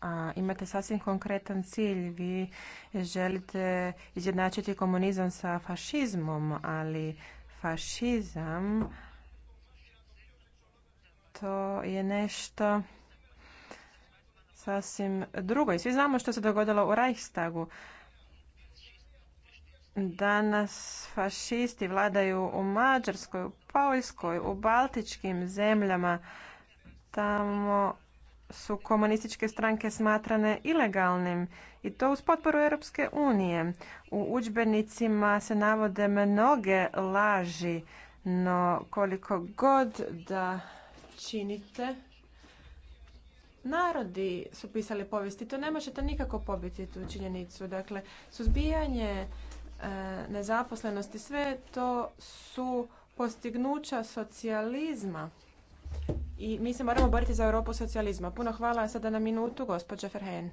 a imate sasvim konkretan cilj. Vi želite izjednačiti komunizam sa fašizmom, ali fašizam to je nešto sasvim drugo. I svi znamo što se dogodilo u Reichstagu. Danas fašisti vladaju u Mađarskoj, u Poljskoj, u Baltičkim zemljama. Tamo su komunističke stranke smatrane ilegalnim i to uz potporu Europske unije. U udžbenicima se navode mnoge laži, no koliko god da činite, narodi su pisali povijesti. To ne možete nikako pobiti tu činjenicu. Dakle, suzbijanje e, nezaposlenosti, sve to su postignuća socijalizma i mi se moramo boriti za Europu socijalizma. Puno hvala sada na minutu, gospođa Ferhen.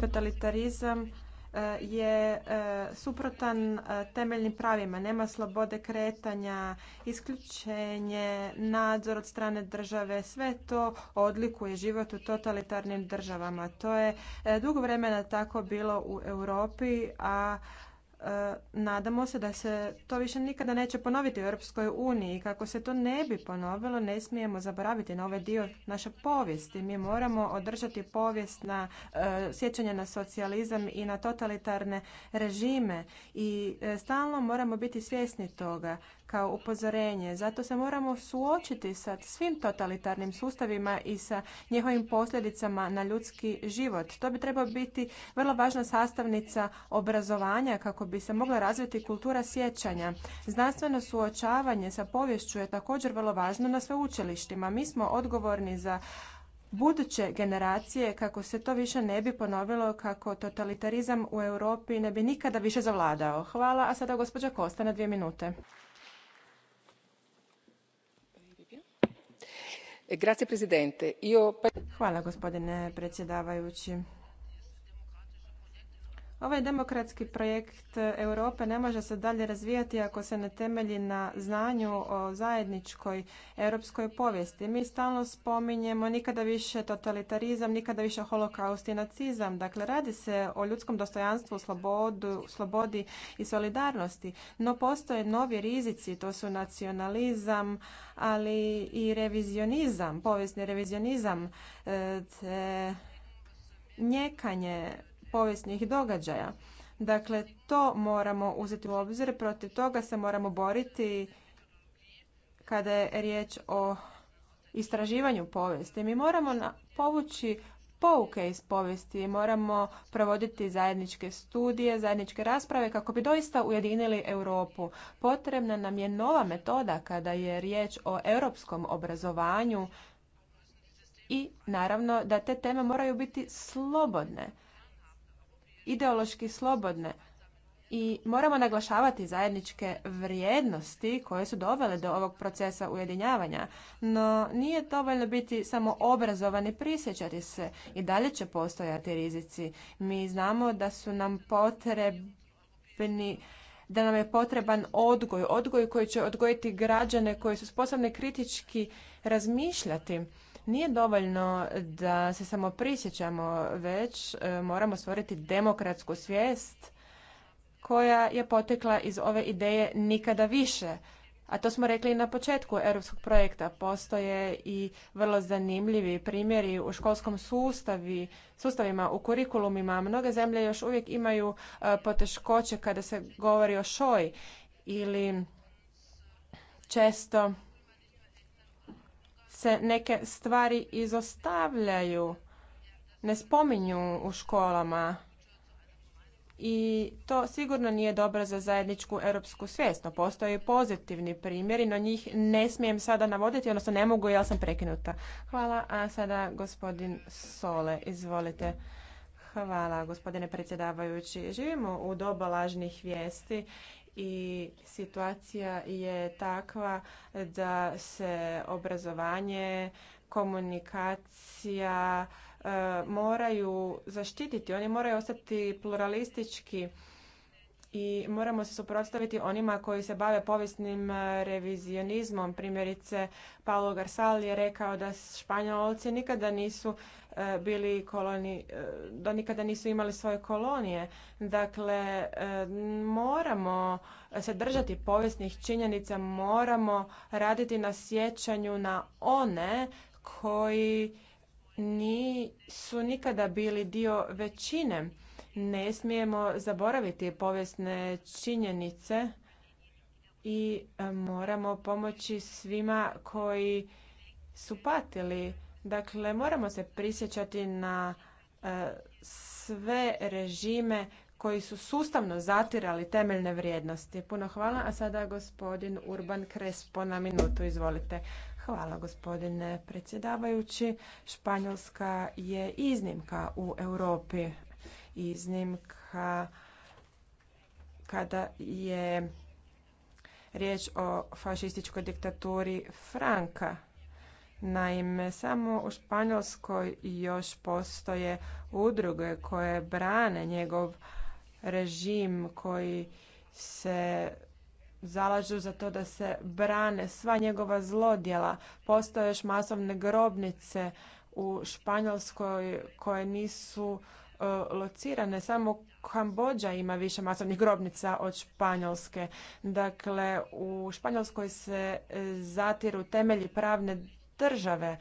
Totalitarizam e, je e, suprotan e, temeljnim pravima. Nema slobode kretanja, isključenje, nadzor od strane države. Sve to odlikuje život u totalitarnim državama. To je dugo vremena tako bilo u Europi, a E, nadamo se da se to više nikada neće ponoviti u Europskoj uniji. Kako se to ne bi ponovilo, ne smijemo zaboraviti na ovaj dio naše povijesti. Mi moramo održati povijest na e, sjećanje na socijalizam i na totalitarne režime i e, stalno moramo biti svjesni toga kao upozorenje. Zato se moramo suočiti sa svim totalitarnim sustavima i sa njihovim posljedicama na ljudski život. To bi trebao biti vrlo važna sastavnica obrazovanja kako bi se mogla razviti kultura sjećanja. Znanstveno suočavanje sa poviješću je također vrlo važno na sveučilištima. Mi smo odgovorni za buduće generacije kako se to više ne bi ponovilo kako totalitarizam u Europi ne bi nikada više zavladao. Hvala, a sada gospođa Kosta na dvije minute. Grazie presidente io parlo a gospadine predsjedavajućem Ovaj demokratski projekt Europe ne može se dalje razvijati ako se ne temelji na znanju o zajedničkoj europskoj povijesti. Mi stalno spominjemo nikada više totalitarizam, nikada više holokaust i nacizam. Dakle, radi se o ljudskom dostojanstvu, slobodi i solidarnosti. No postoje novi rizici, to su nacionalizam, ali i revizionizam, povijesni revizionizam, e, te njekanje povijesnih događaja. Dakle, to moramo uzeti u obzir, protiv toga se moramo boriti kada je riječ o istraživanju povijesti. Mi moramo povući pouke iz povijesti, moramo provoditi zajedničke studije, zajedničke rasprave kako bi doista ujedinili Europu. Potrebna nam je nova metoda kada je riječ o europskom obrazovanju i naravno da te teme moraju biti slobodne ideološki slobodne i moramo naglašavati zajedničke vrijednosti koje su dovele do ovog procesa ujedinjavanja, no nije dovoljno biti samo obrazovani, prisjećati se. I dalje će postojati rizici. Mi znamo da su nam potrebni da nam je potreban odgoj, odgoj koji će odgojiti građane koji su sposobni kritički razmišljati nije dovoljno da se samo prisjećamo, već e, moramo stvoriti demokratsku svijest koja je potekla iz ove ideje nikada više. A to smo rekli i na početku europskog projekta. Postoje i vrlo zanimljivi primjeri u školskom sustavi, sustavima, u kurikulumima. Mnoge zemlje još uvijek imaju e, poteškoće kada se govori o šoj ili često se neke stvari izostavljaju, ne spominju u školama i to sigurno nije dobro za zajedničku europsku svijest. No, postoje pozitivni primjeri, no njih ne smijem sada navoditi, odnosno ne mogu, jer sam prekinuta. Hvala, a sada gospodin Sole, izvolite. Hvala, gospodine predsjedavajući. Živimo u doba lažnih vijesti i situacija je takva da se obrazovanje, komunikacija e, moraju zaštititi. Oni moraju ostati pluralistički i moramo se suprotstaviti onima koji se bave povijesnim e, revizionizmom. Primjerice, Paulo Garsal je rekao da Španjolci nikada nisu e, bili koloni, e, da nikada nisu imali svoje kolonije. Dakle, moramo se držati povijesnih činjenica, moramo raditi na sjećanju na one koji nisu nikada bili dio većine ne smijemo zaboraviti povijesne činjenice i e, moramo pomoći svima koji su patili. Dakle, moramo se prisjećati na e, sve režime koji su sustavno zatirali temeljne vrijednosti. Puno hvala, a sada gospodin Urban Krespo na minutu, izvolite. Hvala gospodine predsjedavajući. Španjolska je iznimka u Europi iznimka kada je riječ o fašističkoj diktaturi Franka. Naime, samo u Španjolskoj još postoje udruge koje brane njegov režim koji se zalažu za to da se brane sva njegova zlodjela. Postoje još masovne grobnice u Španjolskoj koje nisu E, locirane. Samo Kambodža ima više masovnih grobnica od Španjolske. Dakle, u Španjolskoj se e, zatiru temelji pravne države.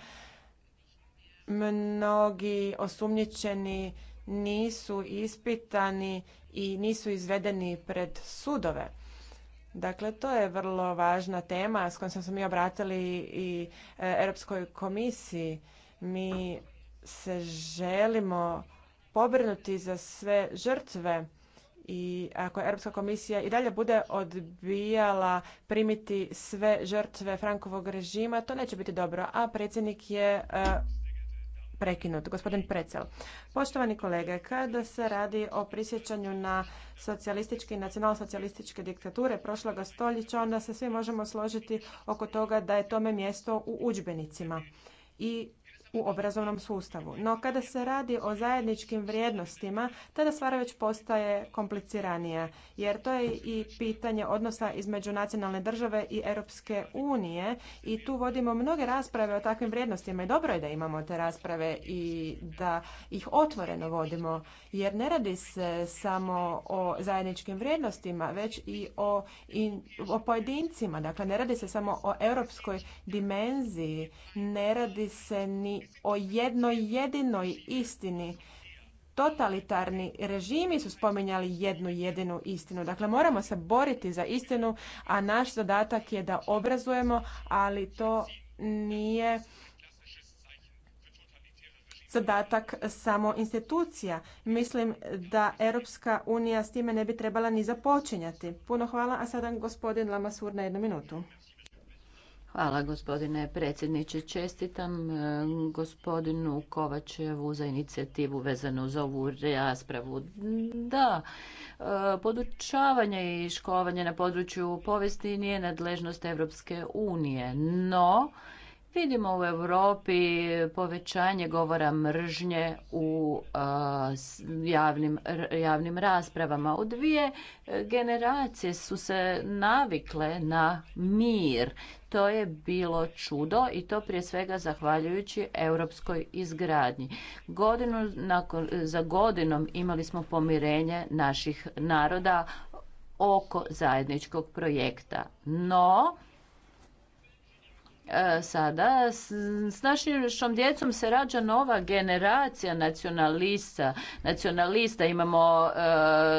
Mnogi osumnjičeni nisu ispitani i nisu izvedeni pred sudove. Dakle, to je vrlo važna tema s kojom smo se mi obratili i e, Europskoj komisiji. Mi se želimo pobrinuti za sve žrtve i ako Europska komisija i dalje bude odbijala primiti sve žrtve Frankovog režima, to neće biti dobro, a predsjednik je e, prekinut. Gospodin Precel. Poštovani kolege, kada se radi o prisjećanju na socijalističke i nacionalsocijalističke diktature prošloga stoljeća, onda se svi možemo složiti oko toga da je tome mjesto u udžbenicima. I u obrazovnom sustavu. No kada se radi o zajedničkim vrijednostima, tada stvar već postaje kompliciranija, jer to je i pitanje odnosa između nacionalne države i Europske unije i tu vodimo mnoge rasprave o takvim vrijednostima i dobro je da imamo te rasprave i da ih otvoreno vodimo, jer ne radi se samo o zajedničkim vrijednostima, već i o, i, o pojedincima. Dakle, ne radi se samo o europskoj dimenziji, ne radi se ni o jednoj jedinoj istini. Totalitarni režimi su spominjali jednu jedinu istinu. Dakle, moramo se boriti za istinu, a naš zadatak je da obrazujemo, ali to nije zadatak samo institucija. Mislim da Europska unija s time ne bi trebala ni započinjati. Puno hvala, a sada gospodin Lamasur na jednu minutu. Hvala gospodine predsjedniče. Čestitam e, gospodinu Kovačevu za inicijativu vezanu za ovu raspravu. Da, e, podučavanje i školovanje na području povijesti nije nadležnost Europske unije, no Vidimo u Europi povećanje govora mržnje u javnim, javnim raspravama. U dvije generacije su se navikle na mir. To je bilo čudo i to prije svega zahvaljujući europskoj izgradnji. Godinu nakon, za godinom imali smo pomirenje naših naroda oko zajedničkog projekta. No, E, sada s našim djecom se rađa nova generacija nacionalista nacionalista imamo e,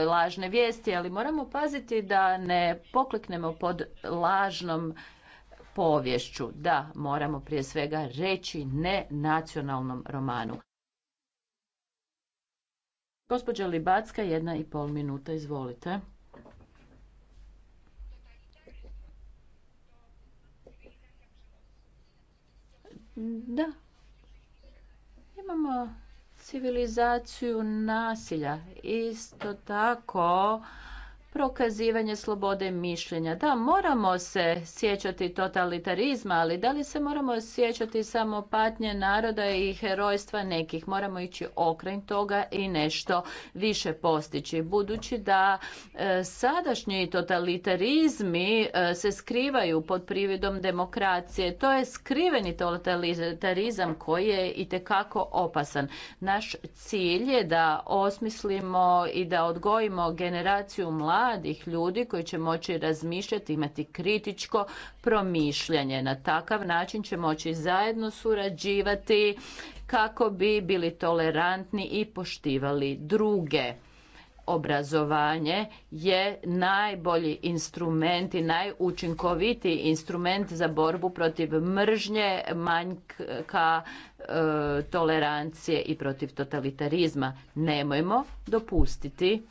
lažne vijesti ali moramo paziti da ne pokliknemo pod lažnom povješću da moramo prije svega reći ne nacionalnom romanu Gospođa Libacka, jedna i pol minuta, izvolite. Da. Imamo civilizaciju nasilja. Isto tako prokazivanje slobode mišljenja. Da, moramo se sjećati totalitarizma, ali da li se moramo sjećati samo patnje naroda i herojstva nekih? Moramo ići okren toga i nešto više postići. Budući da e, sadašnji totalitarizmi e, se skrivaju pod prividom demokracije. To je skriveni totalitarizam koji je i tekako opasan. Naš cilj je da osmislimo i da odgojimo generaciju mladih mladih ljudi koji će moći razmišljati, imati kritičko promišljanje. Na takav način će moći zajedno surađivati kako bi bili tolerantni i poštivali druge obrazovanje je najbolji instrument i najučinkovitiji instrument za borbu protiv mržnje, manjka e, tolerancije i protiv totalitarizma. Nemojmo dopustiti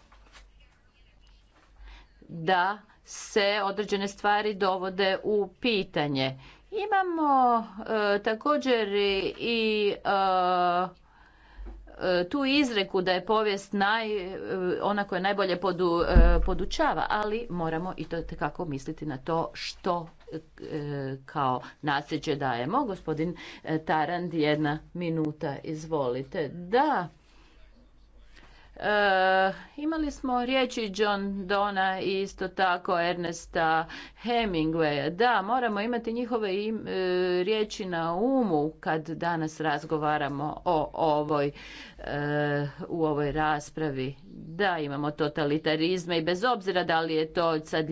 da se određene stvari dovode u pitanje. Imamo e, također i e, e, tu izreku da je povijest naj, ona koja najbolje podučava, ali moramo i to kako misliti na to što kao nasljeđe dajemo. Gospodin Tarand, jedna minuta, izvolite. Da, Eh, imali smo riječi John Dona i isto tako Ernesta Hemingwaya. Da, moramo imati njihove im, eh, riječi na umu kad danas razgovaramo o ovoj, eh, u ovoj raspravi. Da, imamo totalitarizme i bez obzira da li je to sad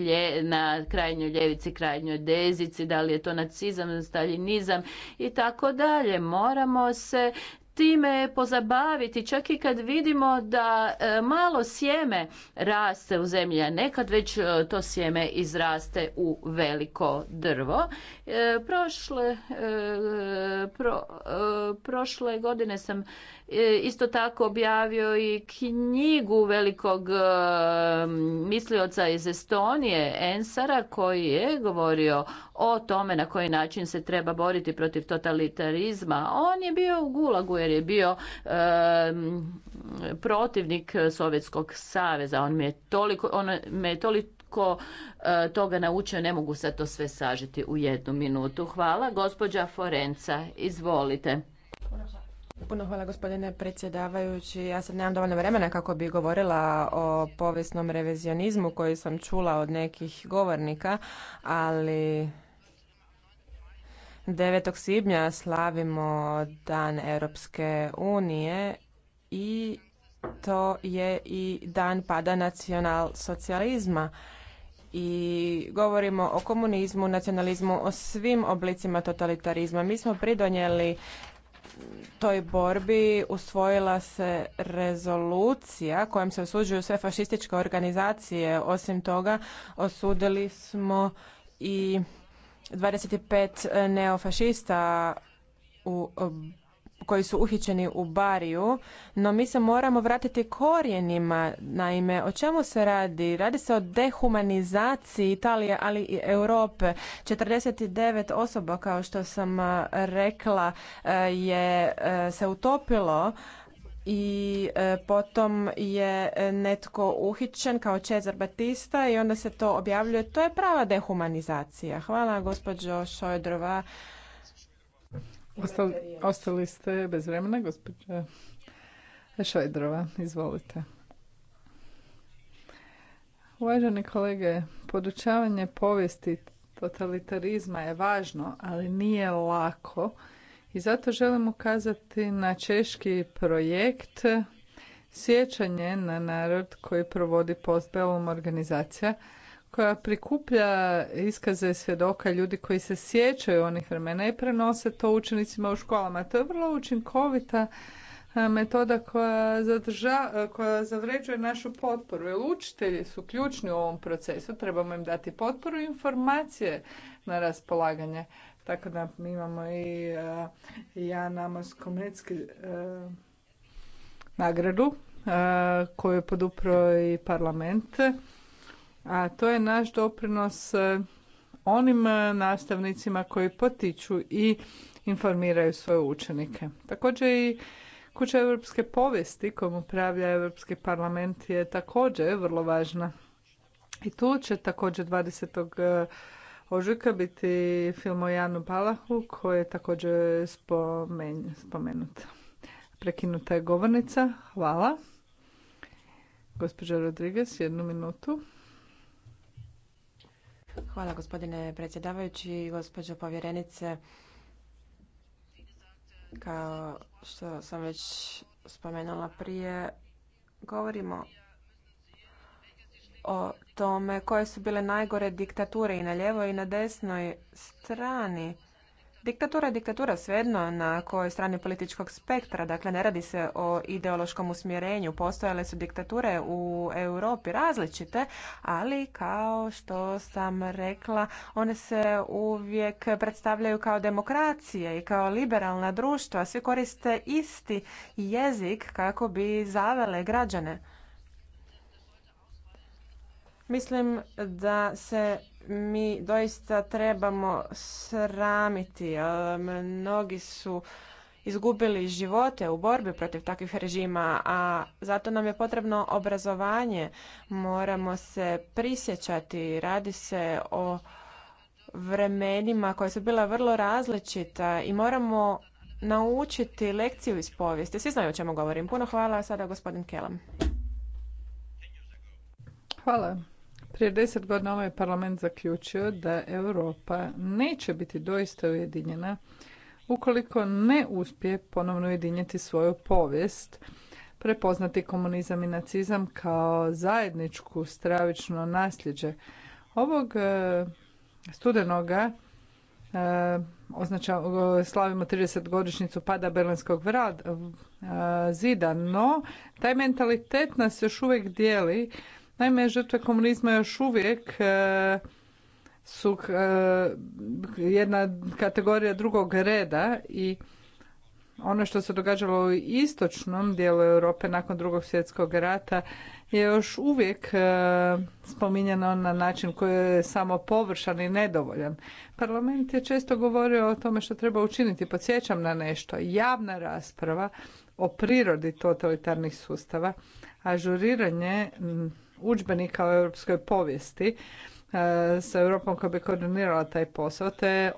na krajnjoj ljevici, krajnjoj dezici, da li je to nacizam, stalinizam i tako dalje. Moramo se time pozabaviti čak i kad vidimo da e, malo sjeme raste u zemlji, a nekad već e, to sjeme izraste u veliko drvo E, prošle, e, e, prošle godine sam isto tako objavio i knjigu velikog mislioca iz Estonije, Ensara, koji je govorio o tome na koji način se treba boriti protiv totalitarizma. On je bio u gulagu jer je bio protivnik Sovjetskog saveza. On me je toliko, on me je toliko ko e, toga naučio, ne mogu sad to sve sažiti u jednu minutu. Hvala. Gospođa Forenca, izvolite. Puno hvala gospodine predsjedavajući. Ja sad nemam dovoljno vremena kako bi govorila o povijesnom revizionizmu koji sam čula od nekih govornika, ali 9. svibnja slavimo Dan Europske unije i to je i dan pada nacional socijalizma i govorimo o komunizmu, nacionalizmu, o svim oblicima totalitarizma. Mi smo pridonijeli toj borbi usvojila se rezolucija kojom se osuđuju sve fašističke organizacije. Osim toga, osudili smo i 25 neofašista u koji su uhićeni u Bariju, no mi se moramo vratiti korijenima. Naime, o čemu se radi? Radi se o dehumanizaciji Italije, ali i Europe. 49 osoba, kao što sam rekla, e, je e, se utopilo i e, potom je netko uhićen kao Cezar Batista i onda se to objavljuje. To je prava dehumanizacija. Hvala gospođo Šojdrova. Ostali, ste bez vremena, gospođa Šojdrova. Izvolite. Uvaženi kolege, podučavanje povijesti totalitarizma je važno, ali nije lako. I zato želim ukazati na češki projekt Sjećanje na narod koji provodi postbelum organizacija koja prikuplja iskaze svjedoka ljudi koji se sjećaju onih vremena i prenose to učenicima u školama. To je vrlo učinkovita metoda koja, zadrža, koja zavređuje našu potporu. Jer učitelji su ključni u ovom procesu, trebamo im dati potporu i informacije na raspolaganje. Tako da mi imamo i ja Namos nagradu koju je podupro i parlament a to je naš doprinos e, onim e, nastavnicima koji potiču i informiraju svoje učenike. Također i Kuća europske povijesti kojom upravlja Europski parlament je također vrlo važna. I tu će također 20. E, ožujka biti film o Janu Balahu, koji je također spomen, spomenut. Prekinuta je govornica. Hvala. Gospođa Rodriguez, jednu minutu. Hvala gospodine predsjedavajući gospođo povjerenice. Kao što sam već spomenula prije, govorimo o tome koje su bile najgore diktature i na ljevoj i na desnoj strani Diktatura je diktatura svejedno na kojoj strani političkog spektra, dakle ne radi se o ideološkom usmjerenju. Postojale su diktature u Europi različite, ali kao što sam rekla, one se uvijek predstavljaju kao demokracije i kao liberalna društva. Svi koriste isti jezik kako bi zavele građane. Mislim da se mi doista trebamo sramiti. Mnogi su izgubili živote u borbi protiv takvih režima, a zato nam je potrebno obrazovanje. Moramo se prisjećati, radi se o vremenima koja su bila vrlo različita i moramo naučiti lekciju iz povijesti. Svi znaju o čemu govorim. Puno hvala, sada gospodin Kelam. Hvala. Prije deset godina ovaj parlament zaključio da Europa neće biti doista ujedinjena ukoliko ne uspije ponovno ujediniti svoju povijest, prepoznati komunizam i nacizam kao zajedničku stravično nasljeđe. Ovog e, studenoga e, slavimo 30 godišnjicu pada Berlinskog e, zida, no taj mentalitet nas još uvijek dijeli Naime, žrtve komunizma još uvijek e, su e, jedna kategorija drugog reda i ono što se događalo u istočnom dijelu Europe nakon drugog svjetskog rata je još uvijek e, spominjano na način koji je samo površan i nedovoljan. Parlament je često govorio o tome što treba učiniti. Podsjećam na nešto. Javna rasprava o prirodi totalitarnih sustava, ažuriranje udžbenika u europskoj povijesti e, sa Europom koja bi koordinirala taj posao, te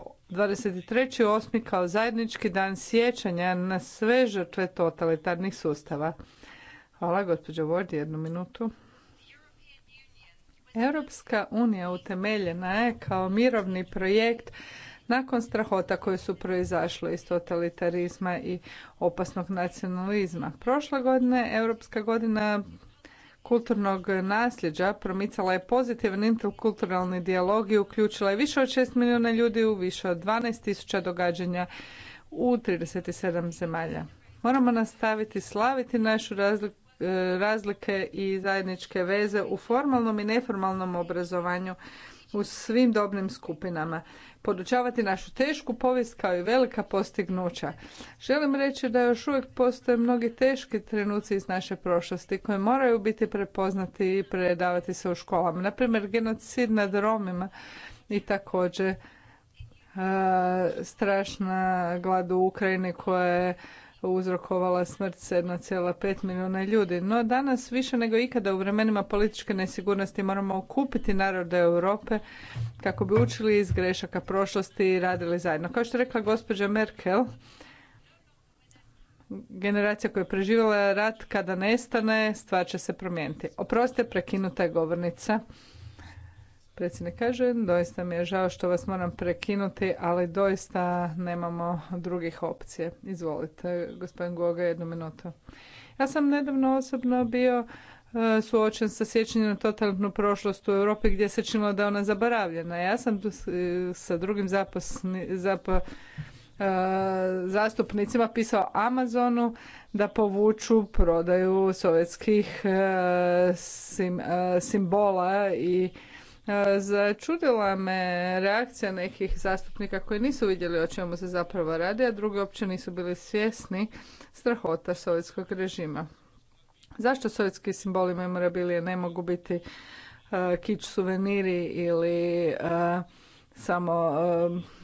osmi kao zajednički dan sjećanja na sve žrtve totalitarnih sustava. Hvala, gospođo Vojdi, jednu minutu. Europska unija utemeljena je kao mirovni projekt nakon strahota koje su proizašle iz totalitarizma i opasnog nacionalizma. Prošle godine, Europska godina kulturnog nasljeđa promicala je pozitivan interkulturalni dijalog i uključila je više od 6 milijuna ljudi u više od 12 tisuća događanja u 37 zemalja. Moramo nastaviti slaviti našu e, razlike i zajedničke veze u formalnom i neformalnom obrazovanju u svim dobnim skupinama, podučavati našu tešku povijest kao i velika postignuća. Želim reći da još uvijek postoje mnogi teški trenuci iz naše prošlosti koji moraju biti prepoznati i predavati se u školama. Naprimjer, genocid nad Romima i također strašna glad u Ukrajini koja je uzrokovala smrt 1,5 milijuna ljudi. No danas više nego ikada u vremenima političke nesigurnosti moramo okupiti narode Europe kako bi učili iz grešaka prošlosti i radili zajedno. Kao što je rekla gospođa Merkel, generacija koja je preživjela rat kada nestane, stvar će se promijeniti. Oprostite, prekinuta je govornica. Predsjednik kaže, doista mi je žao što vas moram prekinuti, ali doista nemamo drugih opcije. Izvolite, gospodin Goga, jednu minutu. Ja sam nedavno osobno bio e, suočen sa sjećanjem na totalnu prošlost u Europi gdje se činilo da je ona zaboravljena. Ja sam e, sa drugim zaposni, zapo, e, zastupnicima pisao Amazonu da povuču prodaju sovjetskih simbola i Začudila me reakcija nekih zastupnika koji nisu vidjeli o čemu se zapravo radi, a drugi uopće nisu bili svjesni strahota sovjetskog režima. Zašto sovjetski simboli memorabilije ne mogu biti e, kič suveniri ili e, samo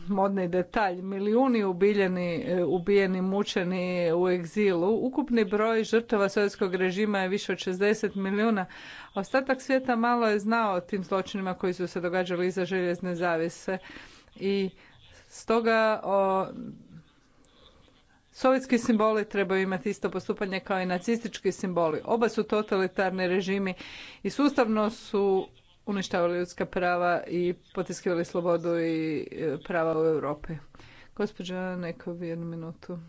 modni detalj. Milijuni ubiljeni, e, ubijeni, mučeni u egzilu. Ukupni broj žrtava sovjetskog režima je više od 60 milijuna. Ostatak svijeta malo je znao o tim zločinima koji su se događali iza željezne zavise. I stoga Sovjetski simboli trebaju imati isto postupanje kao i nacistički simboli. Oba su totalitarni režimi i sustavno su uništavali ljudska prava i potiskivali slobodu i e, prava u Europi. Gospođa Nekov, jednu minutu.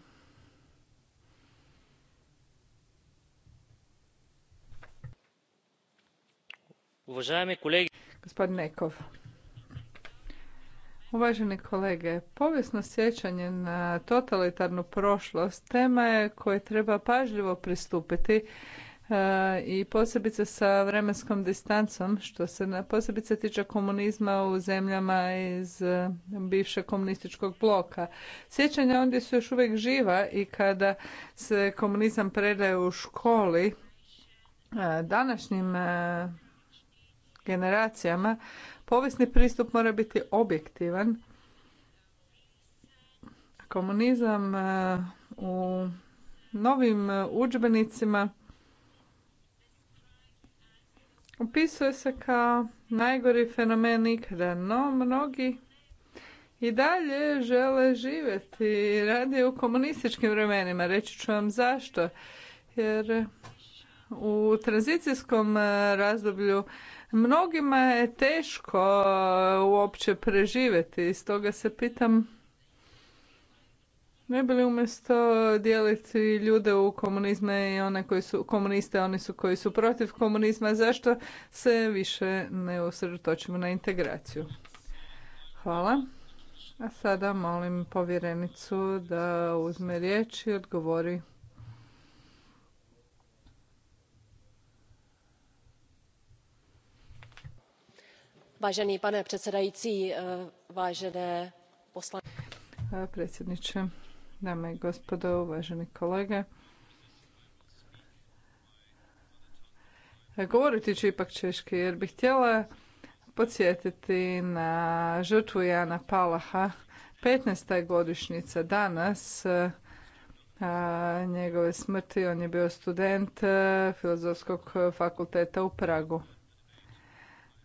Uvažajme Nekov. Uvaženi kolege, povijesno sjećanje na totalitarnu prošlost tema je koje treba pažljivo pristupiti E, i posebice sa vremenskom distancom što se na posebice tiče komunizma u zemljama iz e, bivšeg komunističkog bloka. Sjećanja ondje su još uvijek živa i kada se komunizam predaje u školi e, današnjim generacijama povijesni pristup mora biti objektivan. Komunizam u novim udžbenicima opisuje se kao najgori fenomen ikada, no mnogi i dalje žele živjeti. Radi u komunističkim vremenima, reći ću vam zašto. Jer u tranzicijskom e, razdoblju mnogima je teško e, uopće preživjeti. Stoga se pitam ne bi li umjesto dijeliti ljude u komunizme i one koji su komuniste, oni su koji su protiv komunizma, zašto se više ne usredotočimo na integraciju? Hvala. A sada molim povjerenicu da uzme riječ i odgovori. Važeni pane predsjedajci, eh, važene eh, predsjedniče dame i gospodo, uvaženi kolege. Govoriti ću ipak češki jer bih htjela podsjetiti na žrtvu Jana Palaha. 15. godišnjica danas a, njegove smrti. On je bio student e, Filozofskog fakulteta u Pragu.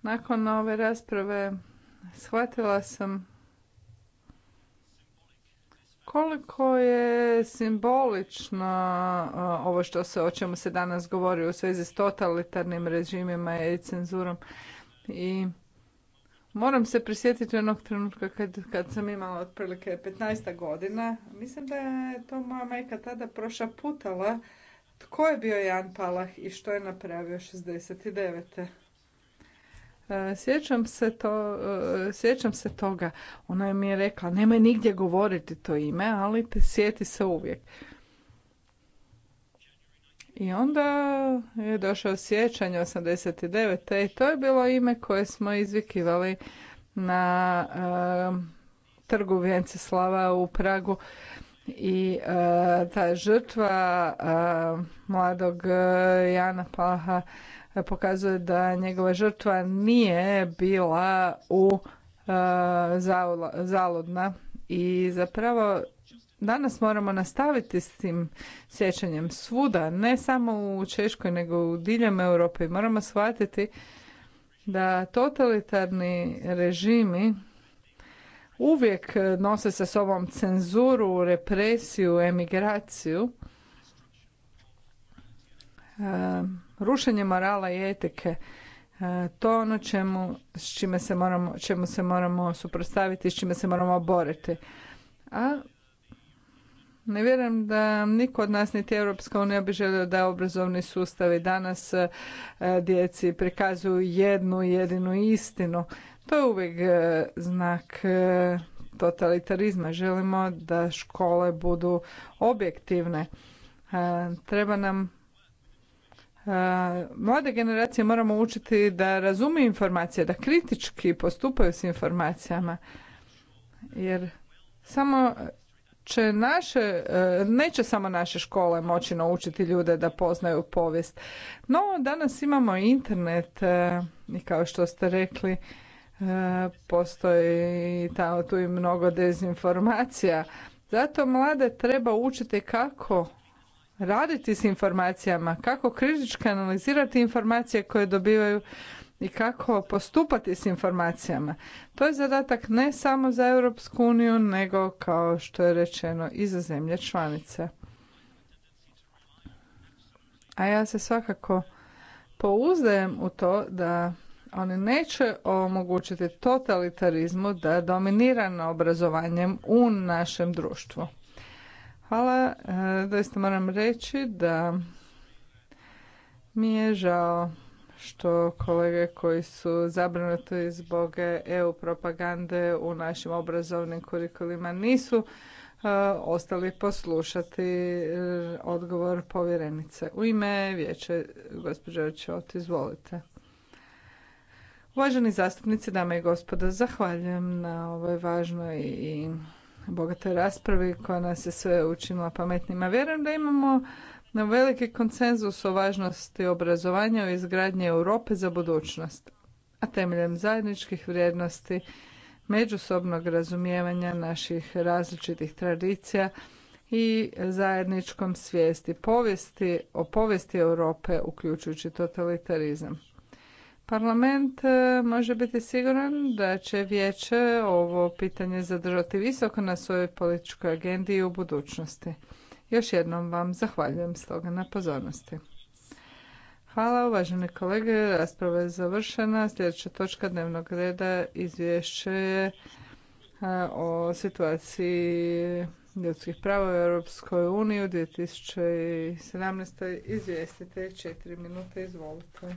Nakon ove rasprave shvatila sam koliko je simbolično ovo što se o čemu se danas govori u svezi s totalitarnim režimima i cenzurom i moram se prisjetiti onog trenutka kad, kad sam imala otprilike 15 godina mislim da je to moja majka tada putala tko je bio Jan Palah i što je napravio 69. E, sjećam se, to, e, sjećam se toga. Ona mi je rekla, nemoj nigdje govoriti to ime, ali te sjeti se uvijek. I onda je došao sjećanje 89. i to je bilo ime koje smo izvikivali na e, trgu Vjenceslava u Pragu i ta žrtva mladog Jana Paha pokazuje da njegova žrtva nije bila u e, zaludna i zapravo danas moramo nastaviti s tim sjećanjem svuda, ne samo u Češkoj nego u diljem Europe. Moramo shvatiti da totalitarni režimi uvijek nose sa sobom cenzuru, represiju, emigraciju. E, rušenje morala i etike. E, to je ono čemu, s čime se moramo, čemu se moramo suprotstaviti, s čime se moramo boriti. A ne vjerujem da niko od nas, niti Europska unija bi želio da obrazovni sustavi danas e, djeci prikazuju jednu jedinu istinu. To je uvijek e, znak totalitarizma. Želimo da škole budu objektivne. Treba nam mlade generacije moramo učiti da razumiju informacije, da kritički postupaju s informacijama. Jer samo će naše, e, neće samo naše škole moći naučiti ljude da poznaju povijest. No, danas imamo internet e, i kao što ste rekli, e, postoji tu i mnogo dezinformacija. Zato mlade treba učiti kako raditi s informacijama, kako kritički analizirati informacije koje dobivaju i kako postupati s informacijama. To je zadatak ne samo za Europsku uniju, nego kao što je rečeno i za zemlje članice. A ja se svakako pouzdajem u to da oni neće omogućiti totalitarizmu da dominira na obrazovanjem u našem društvu. Hvala. E, doista moram reći da mi je žao što kolege koji su zabrinuti zbog EU propagande u našim obrazovnim kurikulima nisu e, ostali poslušati e, odgovor povjerenice. U ime vijeća gospođo Čot, izvolite. Uvaženi zastupnici, dame i gospodo, zahvaljujem na ovoj važnoj i bogatoj raspravi koja nas je sve učinila pametnima. Vjerujem da imamo na veliki konsenzus o važnosti obrazovanja i izgradnje Europe za budućnost, a temeljem zajedničkih vrijednosti, međusobnog razumijevanja naših različitih tradicija i zajedničkom svijesti povijesti o povijesti Europe uključujući totalitarizam. Parlament e, može biti siguran da će vijeće ovo pitanje zadržati visoko na svojoj političkoj agendi i u budućnosti. Još jednom vam zahvaljujem stoga na pozornosti. Hvala uvažene kolege, rasprava je završena. Sljedeća točka dnevnog reda izvješće je e, o situaciji ljudskih prava u Europskoj uniji u 2017. izvjestitelj četiri minute izvolite.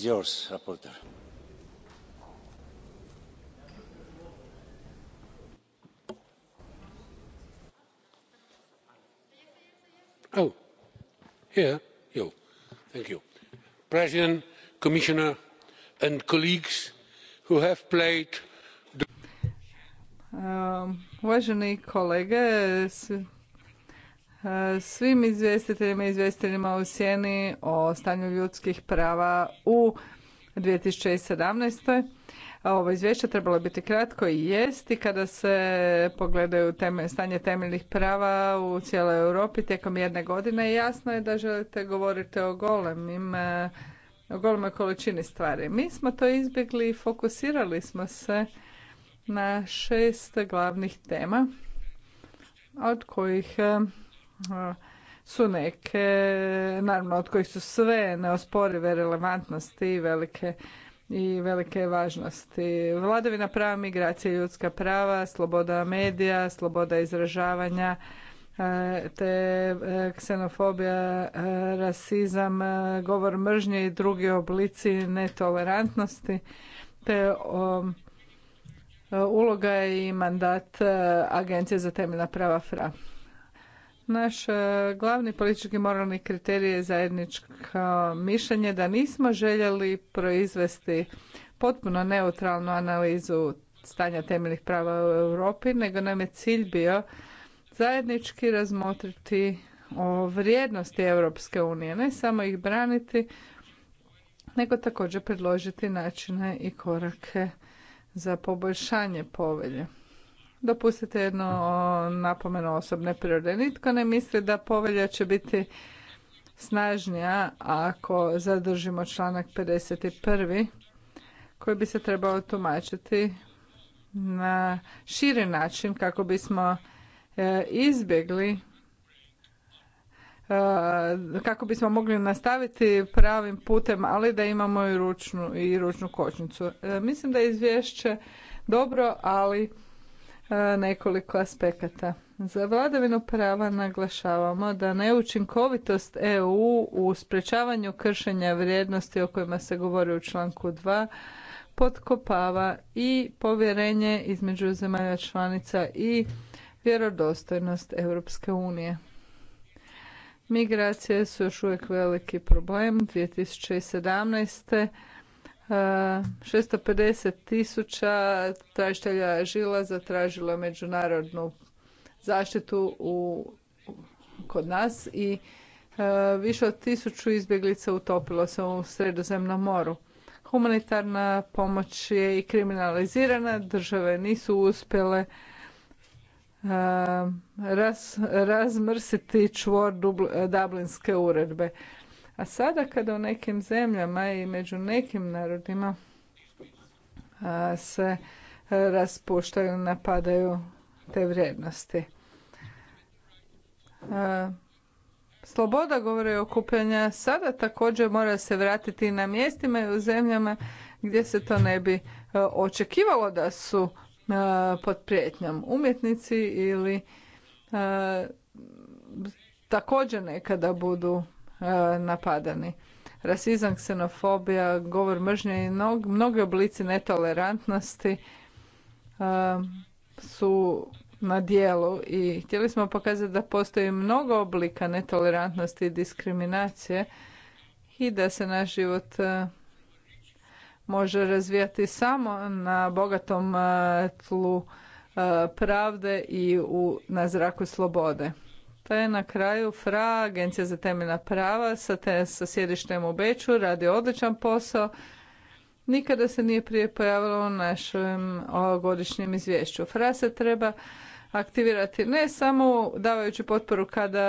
is yours, reporter. Oh. Yeah. Yo. Thank you. president commissioner and colleagues who have played the... um, uvaženi kolege svim izvjestiteljima i izvjestiteljima u sjeni o stanju ljudskih prava u 2017. Ovo izvješće trebalo biti kratko i jest i kada se pogledaju teme, stanje temeljnih prava u cijeloj Europi tijekom jedne godine jasno je da želite govoriti o golemim o golemoj količini stvari. Mi smo to izbjegli i fokusirali smo se na šest glavnih tema od kojih su neke, naravno od kojih su sve neosporive relevantnosti i velike i velike važnosti. Vladavina prava, migracija, ljudska prava, sloboda medija, sloboda izražavanja, e, te e, ksenofobija, e, rasizam, govor mržnje i drugi oblici netolerantnosti, te uloga i mandat Agencije za temeljna prava FRA. Naš e, glavni politički moralni kriterij je zajedničko mišljenje da nismo željeli proizvesti potpuno neutralnu analizu stanja temeljnih prava u Europi, nego nam je cilj bio zajednički razmotriti o vrijednosti Europske unije, ne samo ih braniti, nego također predložiti načine i korake za poboljšanje povelje. Dopustite jednu mhm. napomenu osobne prirode. Nitko ne misli da povelja će biti snažnija ako zadržimo članak 51. koji bi se trebao tumačiti na širi način kako bismo e, izbjegli e, kako bismo mogli nastaviti pravim putem, ali da imamo i ručnu, i ručnu kočnicu. E, mislim da je izvješće dobro, ali E, nekoliko aspekata. Za vladavinu prava naglašavamo da neučinkovitost EU u sprečavanju kršenja vrijednosti o kojima se govori u članku 2 potkopava i povjerenje između zemalja članica i vjerodostojnost Europske unije. Migracije su još uvijek veliki problem. 2017. 650 tisuća tražitelja žila zatražilo međunarodnu zaštitu u, kod nas i e, više od tisuću izbjeglica utopilo se u Sredozemnom moru. Humanitarna pomoć je i kriminalizirana, države nisu uspjele e, razmrsiti čvor Dublinske uredbe. A sada kada u nekim zemljama i među nekim narodima se raspuštaju, napadaju te vrijednosti. Sloboda govore i okupljanja sada također mora se vratiti na mjestima i u zemljama gdje se to ne bi očekivalo da su pod prijetnjom umjetnici ili također nekada budu E, napadani. Rasizam, ksenofobija, govor mržnje i mnogi oblici netolerantnosti e, su na dijelu i htjeli smo pokazati da postoji mnogo oblika netolerantnosti i diskriminacije i da se naš život e, može razvijati samo na bogatom tlu pravde i na zraku slobode. Je na kraju FRA, Agencija za temeljna prava, sa, te, sa sjedištem u Beču, radi odličan posao. Nikada se nije prije pojavilo u našem godišnjem izvješću. FRA se treba aktivirati ne samo davajući potporu kada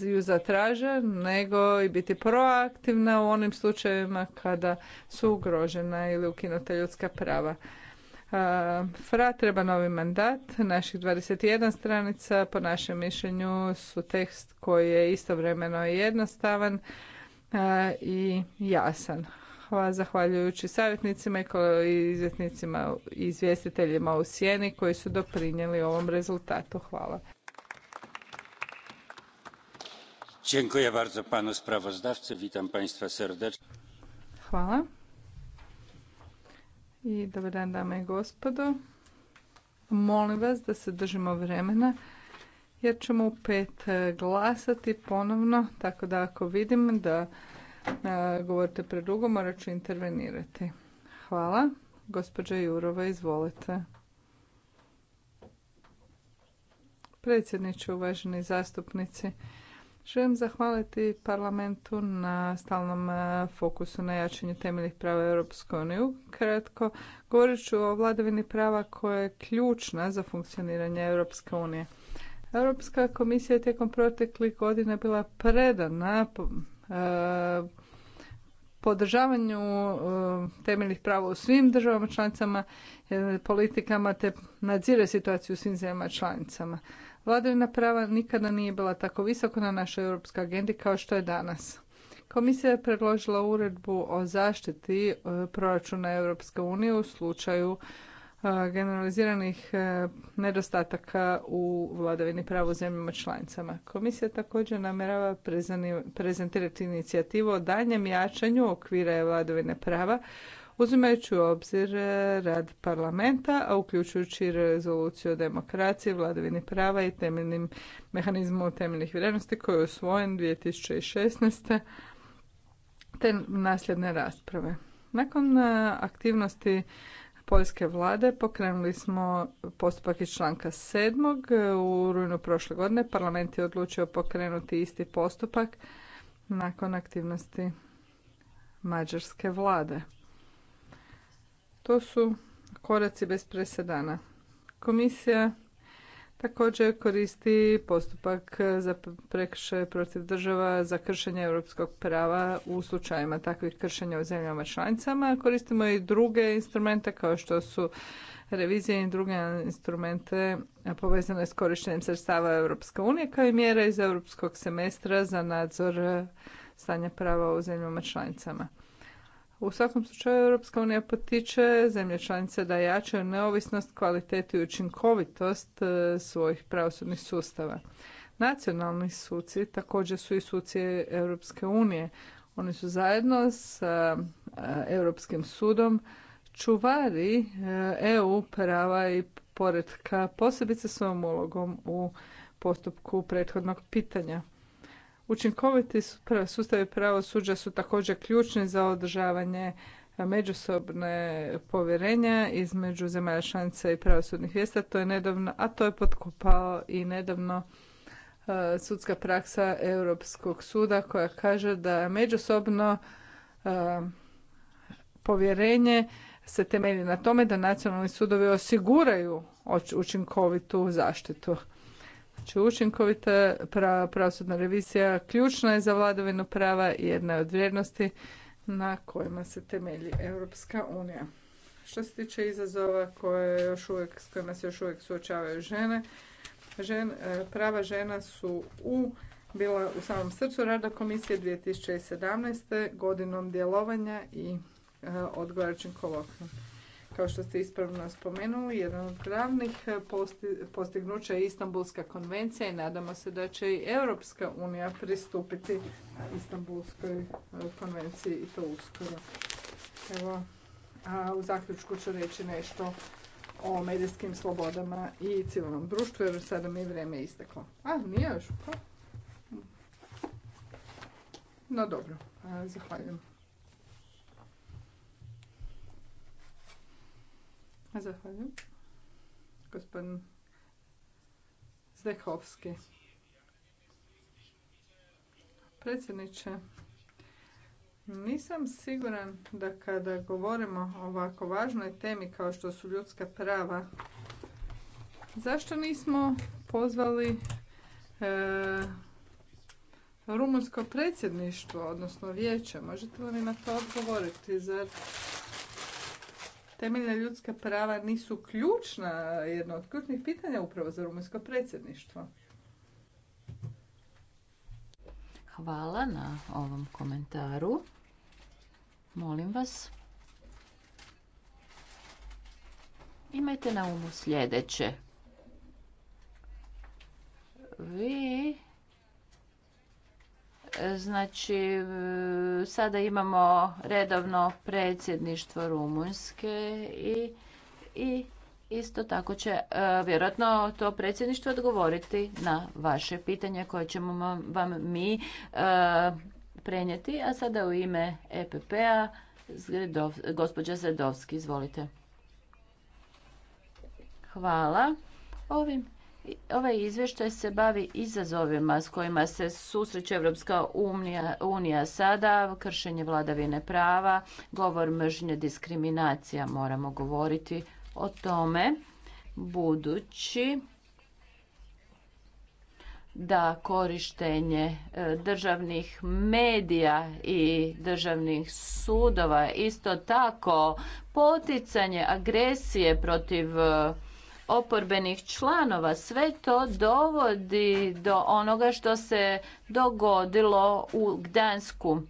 ju zatraže, nego i biti proaktivna u onim slučajevima kada su ugrožena ili ukinuta ljudska prava. FRA treba novi mandat, naših 21 stranica, po našem mišljenju su tekst koji je istovremeno jednostavan i jasan. Hvala zahvaljujući savjetnicima i izvjetnicima i izvjestiteljima u Sjeni koji su doprinijeli ovom rezultatu. Hvala. Dziękuję bardzo panu sprawozdawcy. Witam państwa serdecznie. Hvala. I dobar dan dame i gospodo. Molim vas da se držimo vremena jer ćemo u pet e, glasati ponovno, tako da ako vidim da e, govorite predugo morat ću intervenirati. Hvala. Gospođa Jurova, izvolite. Predsjedniče, uvaženi zastupnici, Želim zahvaliti parlamentu na stalnom e, fokusu na jačanju temeljnih prava Europske unije. Kratko, govorit ću o vladavini prava koja je ključna za funkcioniranje Europske unije. Europska komisija je tijekom proteklih godina bila predana e, podržavanju e, temeljnih prava u svim državama članicama, politikama te nadzire situaciju u svim zemljama članicama. Vladavina prava nikada nije bila tako visoko na našoj europskoj agendi kao što je danas. Komisija je predložila uredbu o zaštiti e, proračuna Europske unije u slučaju e, generaliziranih e, nedostataka u vladavini pravu zemljama članicama. Komisija također namjerava prezentirati inicijativu o danjem jačanju okvira vladavine prava uzimajući u obzir e, rad parlamenta, a uključujući rezoluciju o demokraciji, vladavini prava i temeljnim mehanizmu temeljnih vrijednosti koji je usvojen 2016. te nasljedne rasprave. Nakon e, aktivnosti poljske vlade pokrenuli smo postupak iz članka 7. U rujnu prošle godine parlament je odlučio pokrenuti isti postupak nakon aktivnosti mađarske vlade. To su koraci bez presedana. Komisija također koristi postupak za prekršaj protiv država za kršenje europskog prava u slučajevima takvih kršenja u zemljama članicama. Koristimo i druge instrumente kao što su revizije i druge instrumente povezane s korištenjem sredstava Europske unije kao i mjere iz europskog semestra za nadzor stanja prava u zemljama članicama. U svakom slučaju Europska unija potiče zemlje članice da jačaju neovisnost, kvalitetu i učinkovitost e, svojih pravosudnih sustava. Nacionalni suci također su i suci Europske unije. Oni su zajedno sa e, Europskim sudom čuvari EU e prava i poretka, posebice svojom ulogom u postupku prethodnog pitanja. Učinkoviti sustavi pravosuđa su također ključni za održavanje e, međusobne povjerenja između zemalja članica i pravosudnih vijesta, to je nedavno, a to je potkopao i nedavno e, sudska praksa Europskog suda koja kaže da međusobno e, povjerenje se temelji na tome da nacionalni sudovi osiguraju učinkovitu zaštitu. Znači, učinkovita pravosudna revizija ključna je za vladavinu prava i jedna od vrijednosti na kojima se temelji Europska unija. Što se tiče izazova koje još uvijek, s kojima se još uvijek suočavaju žene, e, prava žena su u bila u samom srcu rada komisije 2017. godinom djelovanja i e, odgovarajućim kao što ste ispravno spomenuli, jedan od glavnih e, postignuća je Istanbulska konvencija i nadamo se da će i Europska unija pristupiti Istanbulskoj e, konvenciji i to uskoro. Evo, a u zaključku ću reći nešto o medijskim slobodama i civilnom društvu, jer sada mi je vrijeme isteklo. A, nije još? Pa. No dobro, zahvaljujem. Zahvaljujem. Gospodin Zdehovski. Predsjedniče, nisam siguran da kada govorimo o ovako važnoj temi kao što su ljudska prava, zašto nismo pozvali e, rumunsko predsjedništvo, odnosno vijeće? Možete li mi na to odgovoriti? Zar temeljna ljudska prava nisu ključna, jedno od ključnih pitanja upravo za rumunjsko predsjedništvo. Hvala na ovom komentaru. Molim vas. Imajte na umu sljedeće. Vi Znači, e, sada imamo redovno predsjedništvo Rumunjske i, i isto tako će e, vjerojatno to predsjedništvo odgovoriti na vaše pitanje koje ćemo vam mi e, prenijeti. A sada u ime EPP-a gospođa Zredovski, izvolite. Hvala. Ovim Ovaj izvještaj se bavi izazovima s kojima se susreće Europska unija, unija sada, kršenje vladavine prava, govor mržnje, diskriminacija. Moramo govoriti o tome budući da korištenje e, državnih medija i državnih sudova isto tako poticanje agresije protiv e, oporbenih članova. Sve to dovodi do onoga što se dogodilo u Gdansku.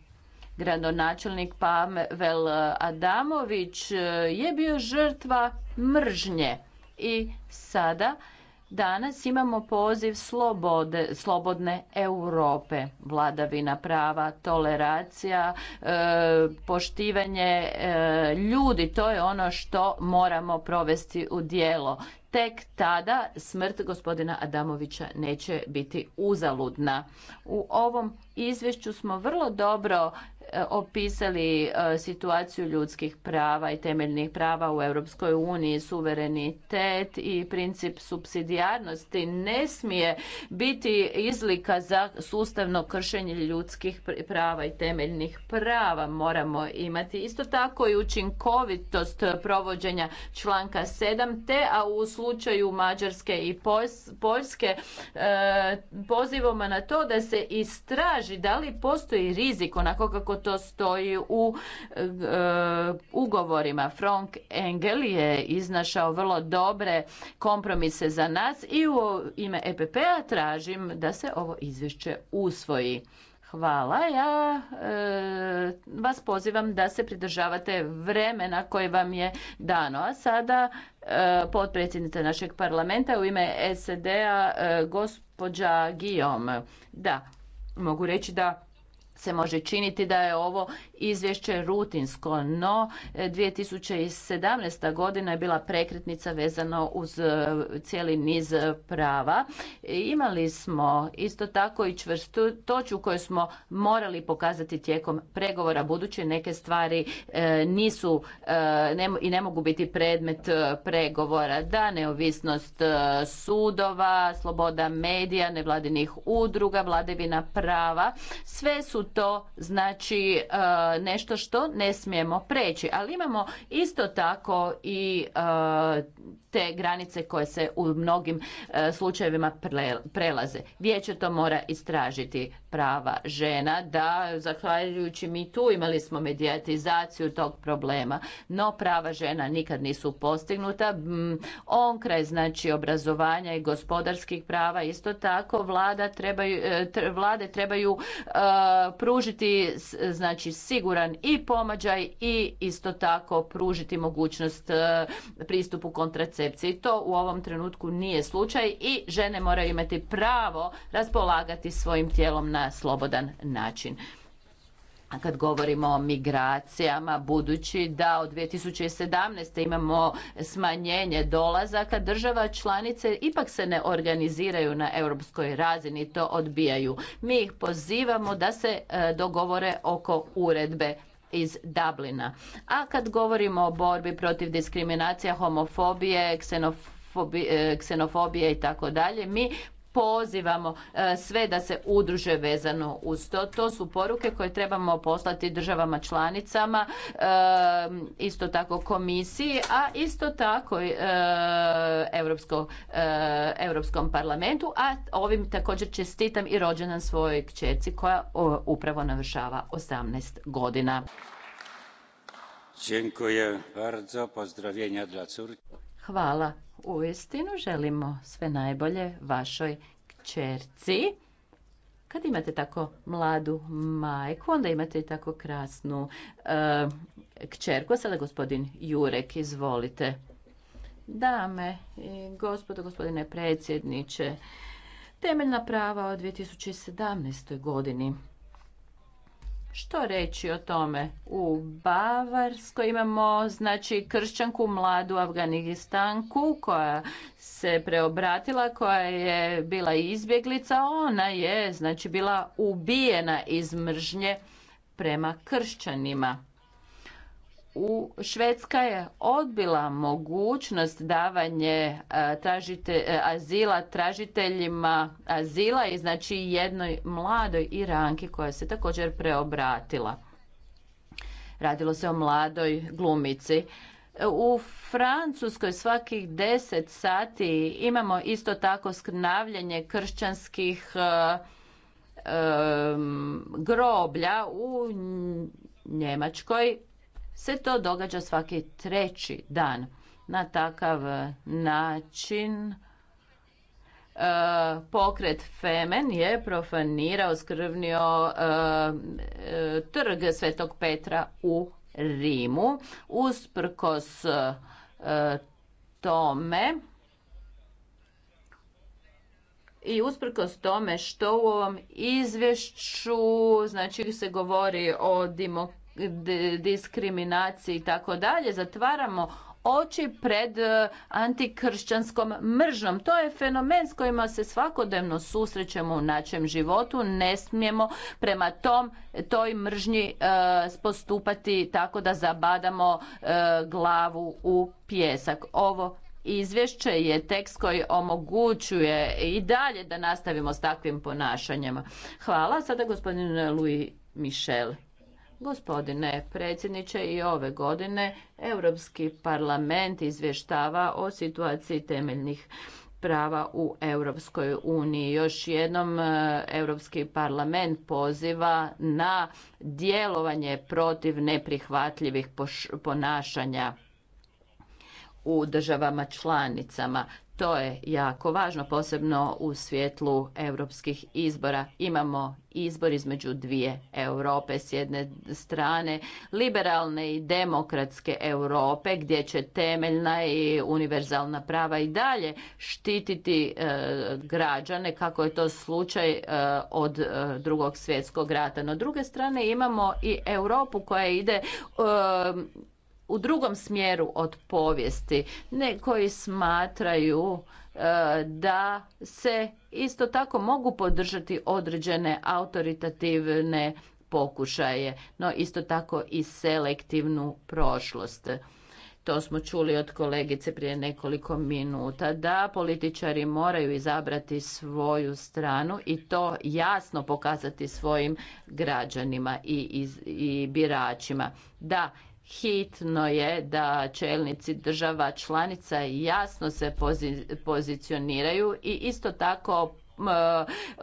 Gradonačelnik Pavel Adamović je bio žrtva mržnje i sada Danas imamo poziv slobode, slobodne Europe, vladavina prava, toleracija, e, poštivanje e, ljudi, to je ono što moramo provesti u djelo. Tek tada smrt gospodina Adamovića neće biti uzaludna. U ovom izvješću smo vrlo dobro E, opisali e, situaciju ljudskih prava i temeljnih prava u Europskoj uniji, suverenitet i princip subsidijarnosti ne smije biti izlika za sustavno kršenje ljudskih prava i temeljnih prava. Moramo imati isto tako i učinkovitost provođenja članka 7 te, a u slučaju Mađarske i Poljske e, pozivamo na to da se istraži da li postoji rizik onako kako to stoji u eh, ugovorima. Frank Engel je iznašao vrlo dobre kompromise za nas i u ime EPP-a tražim da se ovo izvješće usvoji. Hvala. Ja eh, vas pozivam da se pridržavate vremena koje vam je dano. A sada e, potpredsjednica našeg parlamenta u ime SED-a gospođa Guillaume. Da, mogu reći da se može činiti da je ovo izvješće rutinsko, no 2017. E, godina je bila prekretnica vezano uz e, cijeli niz prava. E, imali smo isto tako i čvrstu točku koju smo morali pokazati tijekom pregovora, budući neke stvari nisu i ne mogu biti predmet pregovora, da neovisnost sudova, sloboda medija, nevladinih udruga, vladevina prava, sve su to znači e, nešto što ne smijemo preći. Ali imamo isto tako i e, te granice koje se u mnogim e, slučajevima prelaze. Vijeće to mora istražiti prava žena da zahvaljujući mi tu imali smo medijatizaciju tog problema, no prava žena nikad nisu postignuta. Mm, on kraj znači obrazovanja i gospodarskih prava isto tako vlada trebaju, vlade trebaju pružiti znači siguran i pomađaj i isto tako pružiti mogućnost e, pristupu kontracepciji. To u ovom trenutku nije slučaj i žene moraju imati pravo raspolagati svojim tijelom na slobodan način. A kad govorimo o migracijama, budući da od 2017. imamo smanjenje dolazaka, država članice ipak se ne organiziraju na europskoj razini, to odbijaju. Mi ih pozivamo da se e, dogovore oko uredbe iz Dublina. A kad govorimo o borbi protiv diskriminacija, homofobije, ksenofobije, ksenofobije i tako dalje, mi pozivamo e, sve da se udruže vezano uz to. To su poruke koje trebamo poslati državama članicama, e, isto tako komisiji, a isto tako Europskom e, parlamentu, a ovim također čestitam i rođendan svojoj kćerci koja upravo navršava 18 godina. Dziękuję bardzo. Pozdrowienia dla Hvala. Uistinu želimo sve najbolje vašoj kćerci. Kad imate tako mladu majku, onda imate i tako krasnu e, kćerku. Sada gospodin Jurek, izvolite. Dame i gospodo, gospodine predsjedniče, temeljna prava od 2017. godini što reći o tome? U Bavarskoj imamo znači kršćanku mladu Afganistanku koja se preobratila, koja je bila izbjeglica, ona je znači bila ubijena iz mržnje prema kršćanima u Švedska je odbila mogućnost davanje e, tražite, e, azila tražiteljima azila i znači jednoj mladoj Iranki koja se također preobratila. Radilo se o mladoj glumici. U Francuskoj svakih deset sati imamo isto tako skrnavljanje kršćanskih e, groblja u Njemačkoj se to događa svaki treći dan. Na takav e, način e, pokret Femen je profanirao, skrvnio e, trg Svetog Petra u Rimu. Usprkos tome i usprkos tome što u ovom izvješću znači se govori o dimok diskriminaciji i tako dalje, zatvaramo oči pred e, antikršćanskom mržnom. To je fenomen s kojima se svakodnevno susrećemo u našem životu. Ne smijemo prema tom toj mržnji e, postupati tako da zabadamo e, glavu u pjesak. Ovo izvješće je tekst koji omogućuje i dalje da nastavimo s takvim ponašanjem. Hvala. Sada gospodin Louis Michel. Gospodine predsjedniče, i ove godine Europski parlament izvještava o situaciji temeljnih prava u Europskoj uniji. Još jednom e, Europski parlament poziva na djelovanje protiv neprihvatljivih ponašanja u državama članicama. To je jako važno, posebno u svjetlu europskih izbora. Imamo izbor između dvije Europe s jedne strane, liberalne i demokratske Europe gdje će temeljna i univerzalna prava i dalje štititi e, građane kako je to slučaj e, od e, drugog svjetskog rata. No druge strane imamo i Europu koja ide e, u drugom smjeru od povijesti, ne koji smatraju e, da se isto tako mogu podržati određene autoritativne pokušaje, no isto tako i selektivnu prošlost. To smo čuli od kolegice prije nekoliko minuta, da političari moraju izabrati svoju stranu i to jasno pokazati svojim građanima i, i, i biračima. Da, hitno je da čelnici država članica jasno se pozicioniraju i isto tako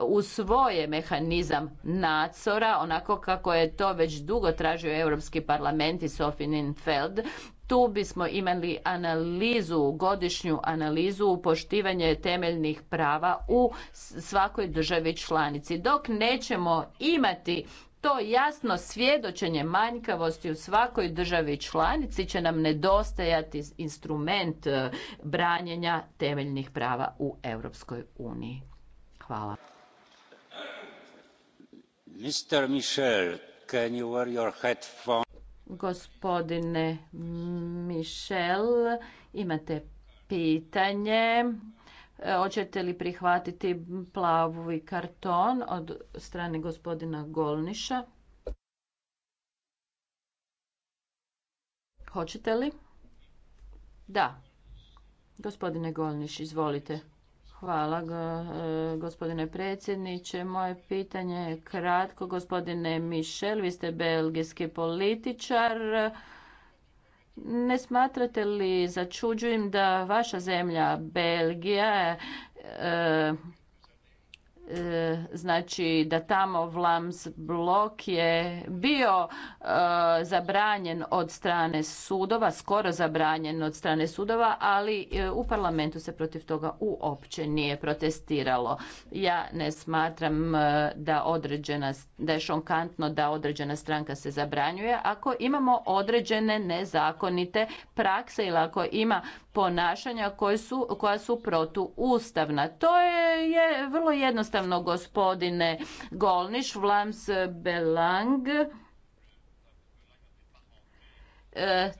u svoje mehanizam nadzora onako kako je to već dugo tražio Europski parlament i Sofinin Feld. Tu bismo imali analizu, godišnju analizu poštivanje temeljnih prava u svakoj državi članici. Dok nećemo imati to jasno svjedočenje manjkavosti u svakoj državi članici će nam nedostajati instrument e, branjenja temeljnih prava u Europskoj uniji. Hvala. Mr. Michel, can you wear your Gospodine Michel, imate pitanje. E, hoćete li prihvatiti i karton od strane gospodina Golniša? Hoćete li? Da. Gospodine Golniš, izvolite. Hvala e, gospodine predsjedniče. Moje pitanje je kratko. Gospodine Mišel, vi ste belgijski političar. Ne smatrate li začuđujem da vaša zemlja Belgija e, E, znači da tamo Vlams blok je bio e, zabranjen od strane sudova, skoro zabranjen od strane sudova, ali e, u parlamentu se protiv toga uopće nije protestiralo. Ja ne smatram da određena, da je šonkantno da određena stranka se zabranjuje ako imamo određene nezakonite prakse ili ako ima ponašanja su, koja su protuustavna. To je, vrlo jednostavno gospodine Golniš, Vlams Belang. E,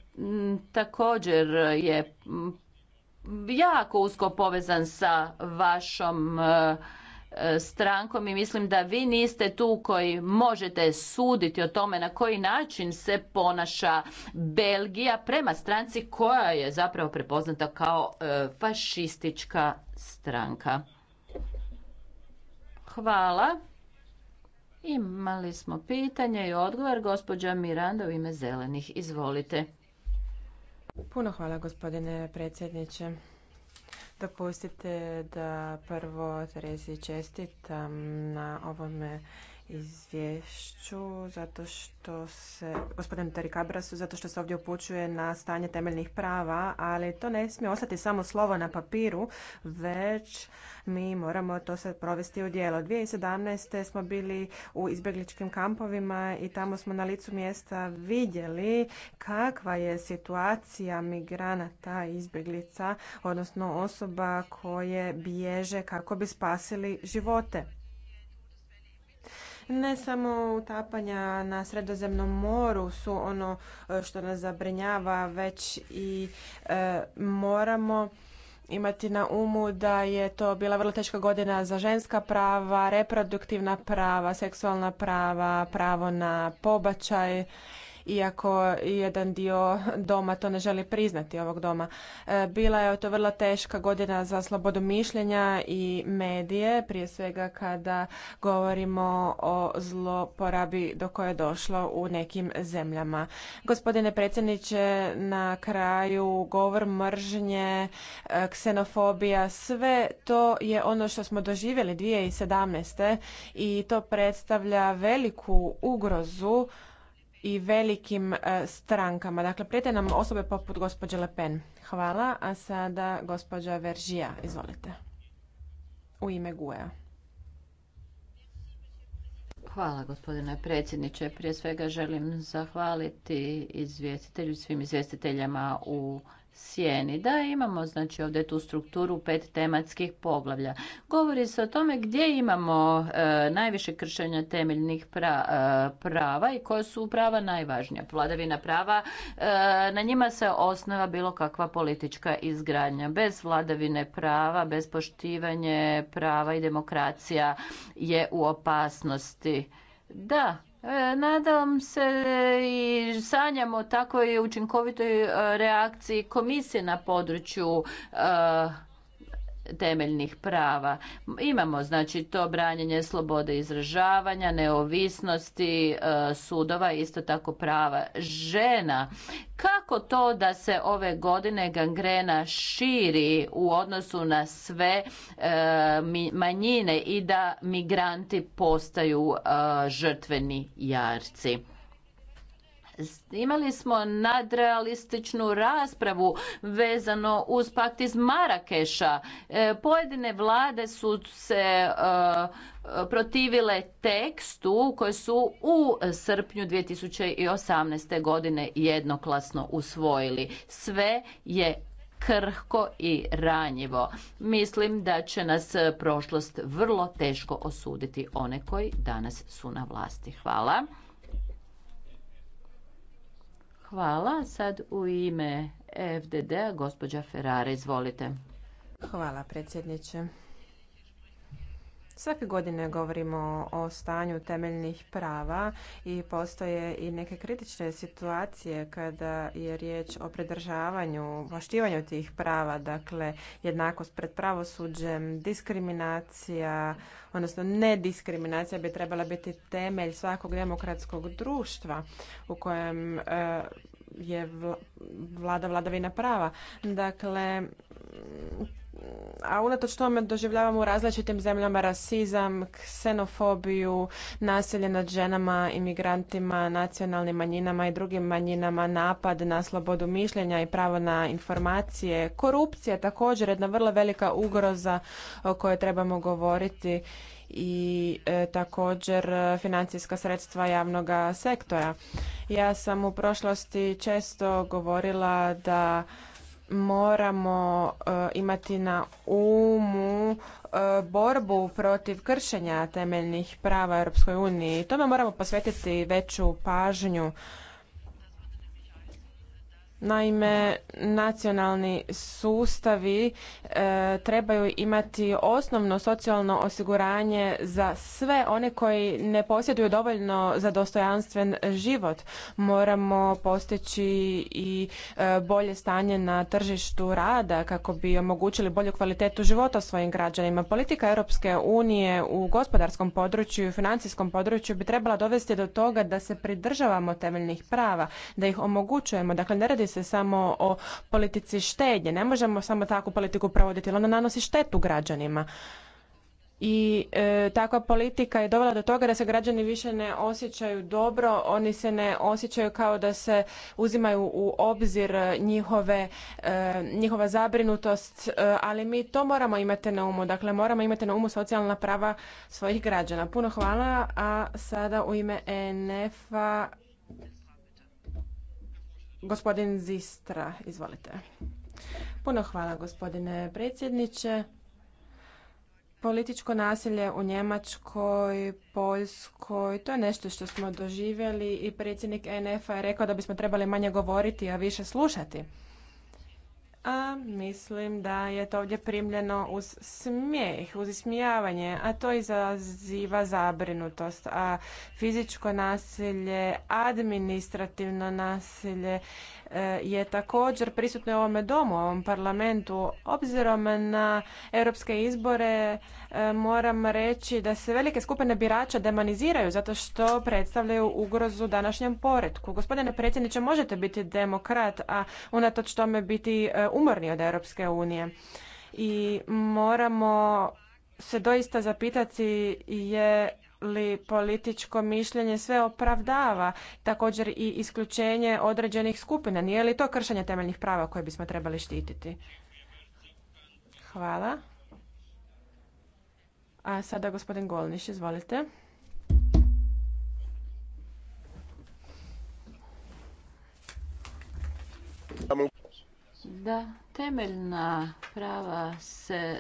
također je jako usko povezan sa vašom e, strankom i mislim da vi niste tu koji možete suditi o tome na koji način se ponaša Belgija prema stranci koja je zapravo prepoznata kao e, fašistička stranka. Hvala. Imali smo pitanje i odgovor. Gospođa Miranda u ime zelenih. Izvolite. Puno hvala gospodine predsjedniče. Dopustite da prvo Terezi čestitam na ovome izvješću zato što se gospodin Tarikabrasu zato što se ovdje upućuje na stanje temeljnih prava, ali to ne smije ostati samo slovo na papiru, već mi moramo to sad provesti u djelo. 2017. smo bili u izbjegličkim kampovima i tamo smo na licu mjesta vidjeli kakva je situacija migranata izbjeglica, odnosno osoba koje bježe kako bi spasili živote ne samo utapanja na Sredozemnom moru su ono e, što nas zabrinjava, već i e, moramo imati na umu da je to bila vrlo teška godina za ženska prava, reproduktivna prava, seksualna prava, pravo na pobačaj iako jedan dio doma to ne želi priznati ovog doma. E, bila je to vrlo teška godina za slobodu mišljenja i medije, prije svega kada govorimo o zloporabi do koje je došlo u nekim zemljama. Gospodine predsjedniče, na kraju govor mržnje, e, ksenofobija, sve to je ono što smo doživjeli 2017. i to predstavlja veliku ugrozu i velikim e, strankama. Dakle, prijete nam osobe poput gospođe Le Pen. Hvala, a sada gospođa Veržija, izvolite. U ime Guja. Hvala gospodine predsjedniče. Prije svega želim zahvaliti izvjestitelju, svim izvjestiteljama u sjeni. Da, imamo znači ovdje tu strukturu pet tematskih poglavlja. Govori se o tome gdje imamo e, najviše kršenja temeljnih e, prava i koja su prava najvažnija. Vladavina prava, e, na njima se osnova bilo kakva politička izgradnja. Bez vladavine prava, bez poštivanje prava i demokracija je u opasnosti. Da, E, nadam se i sanjamo tako učinkovitoj e, reakciji komisije na području e, temeljnih prava. Imamo znači to branjenje slobode izražavanja, neovisnosti e, sudova, isto tako prava žena. Kako to da se ove godine gangrena širi u odnosu na sve e, manjine i da migranti postaju e, žrtveni jarci? Imali smo nadrealističnu raspravu vezano uz pakt iz Marakeša. E, pojedine vlade su se e, protivile tekstu koje su u srpnju 2018. godine jednoklasno usvojili. Sve je krhko i ranjivo. Mislim da će nas prošlost vrlo teško osuditi one koji danas su na vlasti. Hvala. Hvala. Sad u ime FDD-a gospođa Ferrara, izvolite. Hvala predsjedniče. Svake godine govorimo o stanju temeljnih prava i postoje i neke kritične situacije kada je riječ o predržavanju, poštivanju tih prava, dakle jednakost pred pravosuđem, diskriminacija, odnosno nediskriminacija bi trebala biti temelj svakog demokratskog društva u kojem e, je vlada vladavina prava. Dakle, a unatoč tome doživljavamo u različitim zemljama rasizam, ksenofobiju, nasilje nad ženama, imigrantima, nacionalnim manjinama i drugim manjinama, napad na slobodu mišljenja i pravo na informacije. Korupcija također jedna vrlo velika ugroza o kojoj trebamo govoriti i e, također financijska sredstva javnog sektora. Ja sam u prošlosti često govorila da moramo e, imati na umu e, borbu protiv kršenja temeljnih prava Europskoj uniji. Tome moramo posvetiti veću pažnju Naime, nacionalni sustavi e, trebaju imati osnovno socijalno osiguranje za sve one koji ne posjeduju dovoljno za dostojanstven život. Moramo postići i e, bolje stanje na tržištu rada kako bi omogućili bolju kvalitetu života svojim građanima. Politika Europske unije u gospodarskom području i financijskom području bi trebala dovesti do toga da se pridržavamo temeljnih prava, da ih omogućujemo. Dakle, ne radi se samo o politici štednje. Ne možemo samo takvu politiku provoditi, jer ona nanosi štetu građanima. I e, takva politika je dovela do toga da se građani više ne osjećaju dobro, oni se ne osjećaju kao da se uzimaju u obzir njihove, e, njihova zabrinutost, e, ali mi to moramo imati na umu. Dakle, moramo imati na umu socijalna prava svojih građana. Puno hvala, a sada u ime ENF-a Gospodin Zistra, izvolite. Puno hvala gospodine predsjedniče. Političko nasilje u Njemačkoj, Poljskoj, to je nešto što smo doživjeli i predsjednik NF-a je rekao da bismo trebali manje govoriti, a više slušati a mislim da je to ovdje primljeno uz smijeh, uz ismijavanje, a to izaziva zabrinutost. A fizičko nasilje, administrativno nasilje E, je također prisutno u ovome domu, u ovom parlamentu. Obzirom na europske izbore e, moram reći da se velike skupine birača demoniziraju zato što predstavljaju ugrozu današnjem poretku. Gospodine predsjedniče, možete biti demokrat, a unatoč tome biti e, umorni od Europske unije. I moramo se doista zapitati je li političko mišljenje sve opravdava također i isključenje određenih skupina nije li to kršenje temeljnih prava koje bismo trebali štititi hvala a sada gospodin Golniš izvolite da temeljna prava se,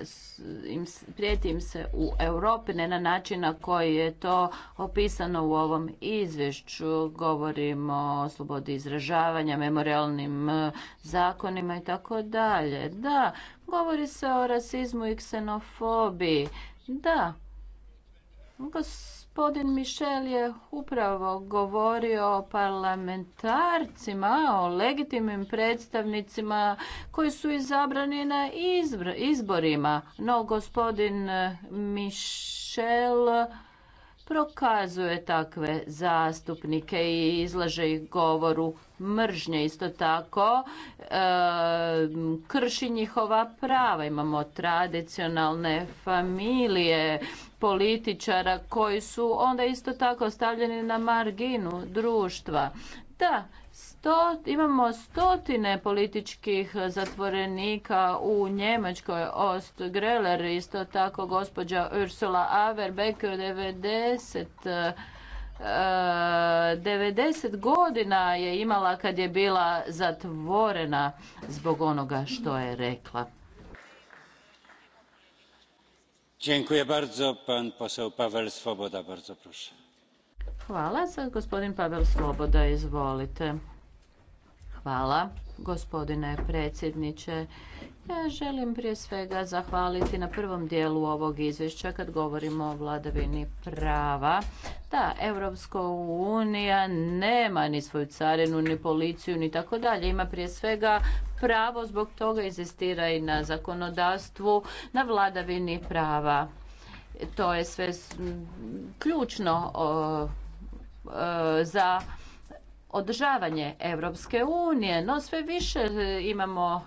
im, prijeti im se u Europi, ne na način na koji je to opisano u ovom izvješću. Govorimo o slobodi izražavanja, memorialnim e, zakonima i tako dalje. Da, govori se o rasizmu i ksenofobiji. Da, Gospodin Michel je upravo govorio o parlamentarcima, o legitimnim predstavnicima koji su izabrani na izborima. No, gospodin Michel prokazuje takve zastupnike i izlaže ih govoru mržnje. Isto tako krši njihova prava. Imamo tradicionalne familije političara koji su onda isto tako stavljeni na marginu društva. Da, imamo stotine političkih zatvorenika u Njemačkoj, Ost Greller, isto tako gospođa Ursula Averbeck, 90 90 godina je imala kad je bila zatvorena zbog onoga što je rekla. Dziękuję bardzo. Pan poseł Paweł Swoboda, bardzo proszę. Hvala. Sad gospodin Pavel Sloboda, izvolite. Hvala gospodine predsjedniče. Ja želim prije svega zahvaliti na prvom dijelu ovog izvješća kad govorimo o vladavini prava. Da, Europska unija nema ni svoju carinu, ni policiju, ni tako dalje. Ima prije svega pravo, zbog toga izistira i na zakonodavstvu, na vladavini prava. To je sve ključno za održavanje Europske unije, no sve više e, imamo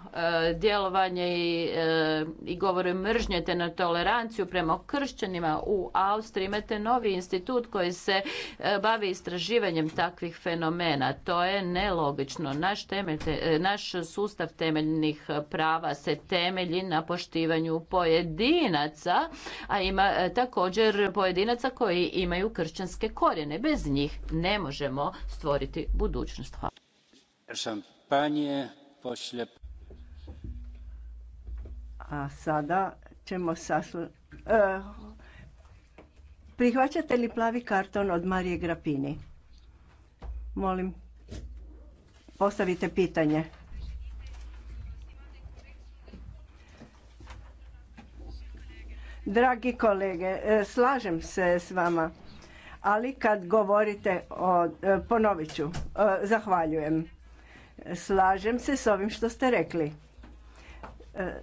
e, djelovanje i, e, i govore mržnje te na toleranciju prema kršćanima u Austriji. Imate novi institut koji se bavi istraživanjem takvih fenomena. To je nelogično. Naš, temelj, naš sustav temeljnih prava se temelji na poštivanju pojedinaca, a ima također pojedinaca koji imaju kršćanske korijene. Bez njih ne možemo stvoriti budućnost. A sada ćemo e, prihvaćate li plavi karton od Marije Grapini? Molim, postavite pitanje. Dragi kolege, e, slažem se s vama ali kad govorite o, e, ponovit ću, e, zahvaljujem. Slažem se s ovim što ste rekli. E,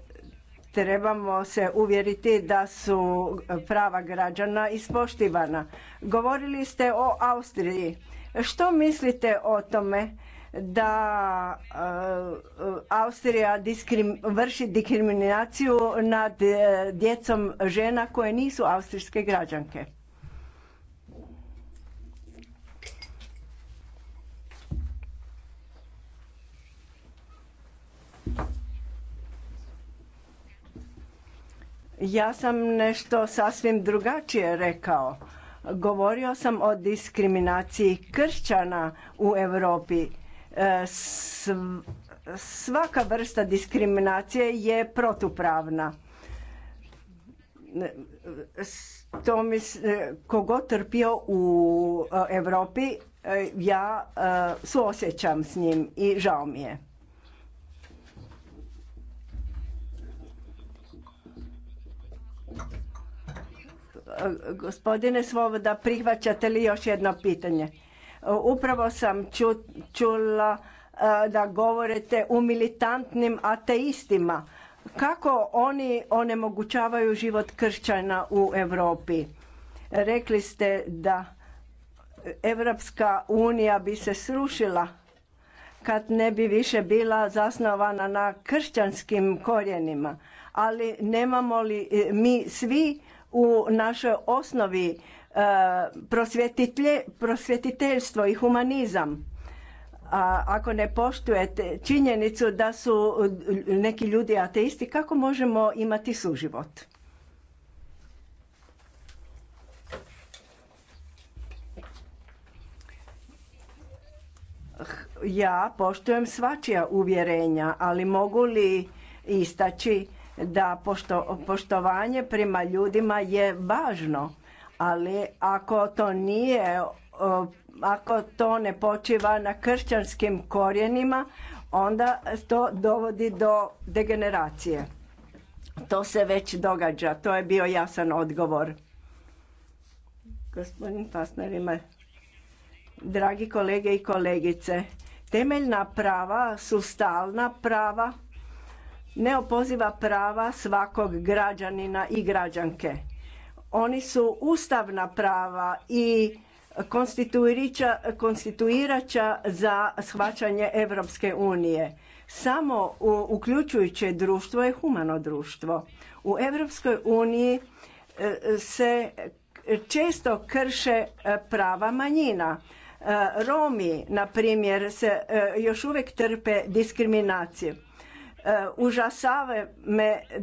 trebamo se uvjeriti da su prava građana ispoštivana. Govorili ste o Austriji. Što mislite o tome da Austrija vrši diskriminaciju nad djecom žena koje nisu austrijske građanke? Ja sam nešto sasvim drugačije rekao. Govorio sam o diskriminaciji kršćana u Europi. E, svaka vrsta diskriminacije je protupravna. To mi e, kogo trpio u e, Europi ja suosjećam s njim i žao mi je. Gospodine Svoboda, prihvaćate li još jedno pitanje? Upravo sam čula e, da govorite u militantnim ateistima. Kako oni onemogućavaju život kršćana u Europi? Rekli ste da Evropska unija bi se srušila kad ne bi više bila zasnovana na kršćanskim korijenima. Ali nemamo li e, mi svi u našoj osnovi e, prosvjetiteljstvo i humanizam. A ako ne poštujete činjenicu da su neki ljudi ateisti, kako možemo imati suživot? Ja poštujem svačija uvjerenja, ali mogu li istaći da pošto, poštovanje prema ljudima je važno, ali ako to nije, ako to ne počiva na kršćanskim korijenima, onda to dovodi do degeneracije. To se već događa, to je bio jasan odgovor. Gospodin Pasner Dragi kolege i kolegice, temeljna prava su stalna prava ne opoziva prava svakog građanina i građanke. Oni su ustavna prava i konstituirača za shvaćanje Europske unije. Samo uključujuće društvo je humano društvo. U Europskoj uniji e, se često krše e, prava manjina. E, Romi, na primjer, se još uvijek trpe diskriminaciju Užasave me